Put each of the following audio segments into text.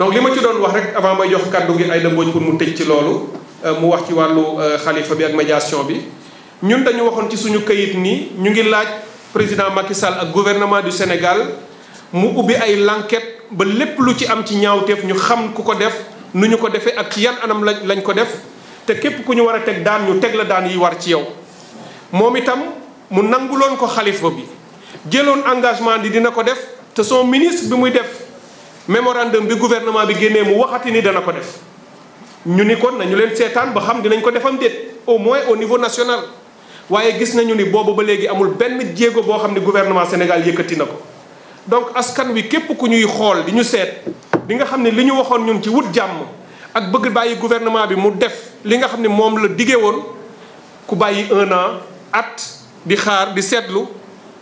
donc li ma ci doon wax rek avant may jox kàddu gi Aïda Mbodj pour mu tëj ci loolu euh, mu wax ci wàllu euh, xalifa bi ak médiation bi ñun dañu waxoon ci suñu kayit nii ñu ngi laaj président Macky ak gouvernement du Sénégal mu ubbi ay l'enquête ba lépp lu ci am ci ñaawteef ñu xam ku ko def nu ñu ko defee ak ci yan anam lañ lañ ko def te képp ku ñu war a teg daan ñu teg la daan yi war ci yow moom itam mu nanguloon ko xalifa bi jëloon engagement di dina ko def te son ministre bi muy def mémorandum bi gouvernement bi génnee mu waxati ni dana ko def ñu ni kon nañu leen seetaan ba xam dinañ ko defam déet au moins au niveau national waaye gis nañu ni boobu ba léegi amul benn jéego boo xam ne gouvernement Sénégal yëkkati na ko donc askan wi képp ku ñuy xool di ñu seet di nga xam ne li ñu waxoon ñun ci wut jàmm ak bëgg bàyyi gouvernement bi mu def li nga xam ne moom la diggee woon ku bàyyi un an at di xaar di seetlu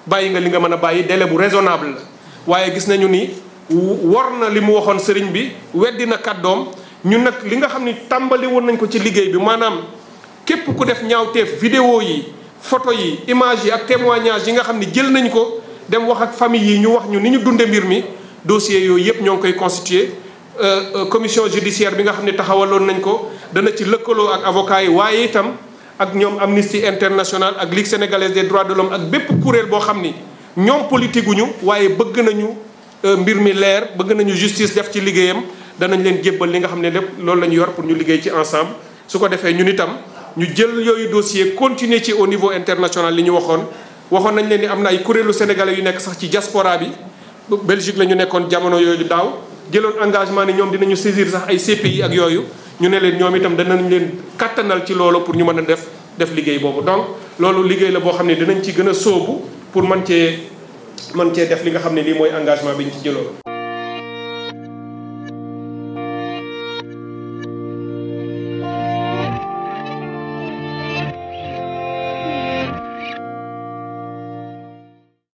bàyyi nga li nga mën a bàyyi délai bu raisonnable la waaye gis nañu ni war na li mu waxoon sëriñ bi weddi na kàddoom ñun nag li nga xam ni tàmbali woon nañ ko ci liggéey bi maanaam képp ku def ñaawteef vidéo yi photo yi image yi ak témoignage yi nga xam ni jël nañ ko dem wax ak famille yi ñu wax ñu ni ñu dundee mbir mi dossier yooyu yëpp ñoo ngi koy constitué euh, euh, commission judiciaire bi nga xam ne taxawaloon nañ ko dana ci lëkkaloo ak avocat yi waaye itam ak ñoom Amnesty International ak Ligue sénégalaise des droits de l'homme ak bépp kuréel boo xam ni ñoom politique waaye bëgg nañu Euh, mbir mi leer bëgg nañu justice def ci liggéeyam danañ leen jébbal li nga xam ne lépp loolu lañu ñu yor pour ñu liggéey ci ensemble su ko defee ñun itam ñu jël yooyu dossier continuer ci au niveau international li ñu waxoon waxoon nañ leen ni am na ay kuréelu sénégalais yu nekk sax ci jaspora bi Belgique la ñu nekkoon jamono yooyu daaw jëloon engagement ni ñoom dinañu saisir sax ay CPI ak yooyu ñu ne leen ñoom itam danañ leen kattanal ci loolu pour ñu mën a def def liggéey boobu donc loolu liggéey la boo xam ne dinañ ci gën a sóobu pour mën cee man cee def li nga xam ne lii mooy engagement bi ñu ci jëloon.